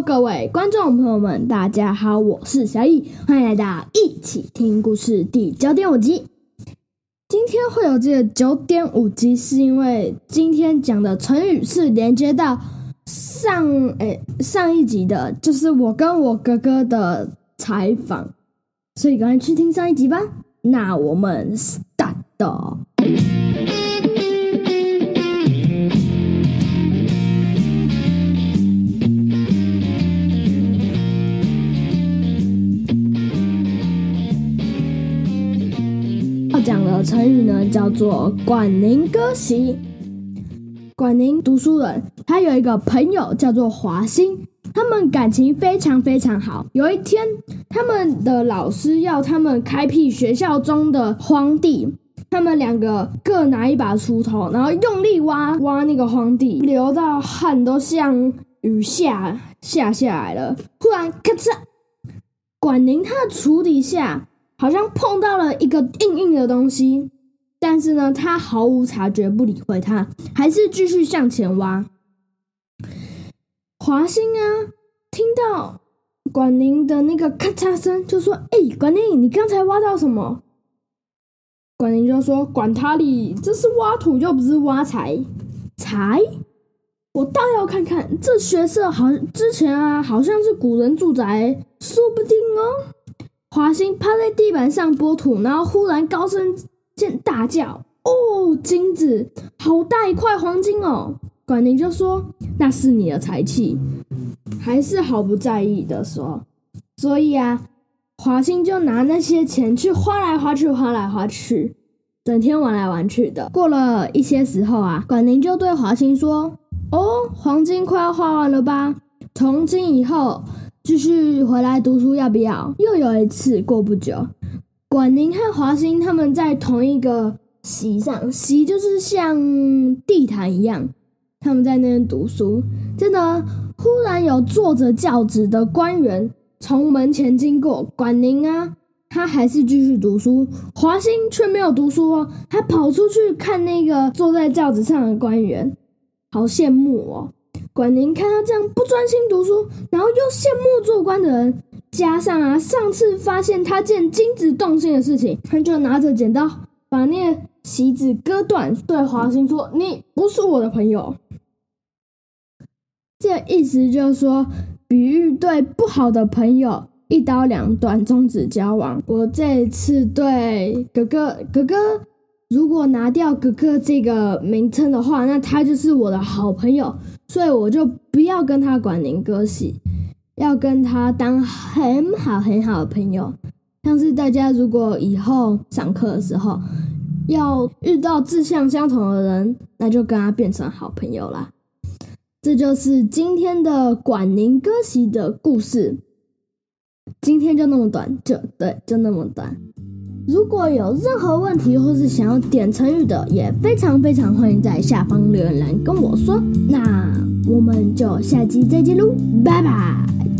各位觀眾朋友們，大家好，我是小易，歡迎來到一起聽故事第九點五集。今天會有這個九點五集，是因為今天講的成語是連接到上誒、欸、上一集的，就是我跟我哥哥的採訪，所以趕快去聽上一集吧。那我們是大 a 講的成語呢，叫做管寧割席。管寧讀書人，他有一個朋友叫做華歆，他們感情非常非常好。有一天，他們的老師要他們開闢學校中的荒地，他們兩個各拿一把鋤頭，然後用力挖挖那個荒地，流到汗都像雨下下下來了。忽然，咔嚓！管寧他的鋤底下。好像碰到了一個硬硬的東西，但是呢，他毫無察覺，不理會他，還是繼續向前挖。華歆啊，聽到管寧的那個咔嚓聲，就說：“哎、欸，管寧，你剛才挖到什麼？”管寧就說：“管他哩，這是挖土，又不是挖財。財，我倒要看看這學舍，好之前啊，好像是古人住宅，說不定哦。”華歆趴在地板上撥土，然後忽然高聲尖大叫：“哦，金子，好大一塊黃金哦！”管寧就說：“那是你的財氣。”還是毫不在意的說：“所以啊，華歆就拿那些錢去花來花去，花來花去，整天玩來玩去的。過了一些時候啊，管寧就對華歆說：‘哦，黃金快要花完了吧？從今以後。’”繼續回來讀書，要不要？又有一次過不久，管寧和華歆他們在同一個席上，席就是像地毯一樣，他們在那邊讀書。真的，忽然有坐着轎子的官員從門前經過，管寧啊，他還是繼續讀書，華歆卻沒有讀書哦，他跑出去看那個坐在轎子上的官員，好羨慕哦。管寧看到這樣不專心讀書，然後又羨慕做官的人，加上啊，上次發現他見金子動心的事情，他就拿着剪刀把那個席子割斷，對華歆說：“你不是我的朋友。”這個、意思就是說，比喻對不好的朋友一刀兩斷，終止交往。我這次對哥哥，哥哥。如果拿掉哥哥這個名稱的話，那他就是我的好朋友，所以我就不要跟他管寧割席，要跟他當很好很好的朋友。像是大家如果以後上課的時候要遇到志向相，相同的人，那就跟他變成好朋友啦。這就是今天的管寧割席的故事。今天就那麼短，就對，就那麼短。如果有任何問題，或是想要點成語的，也非常非常歡迎在下方留言來跟我說。那我們就下期再見嘍，拜拜。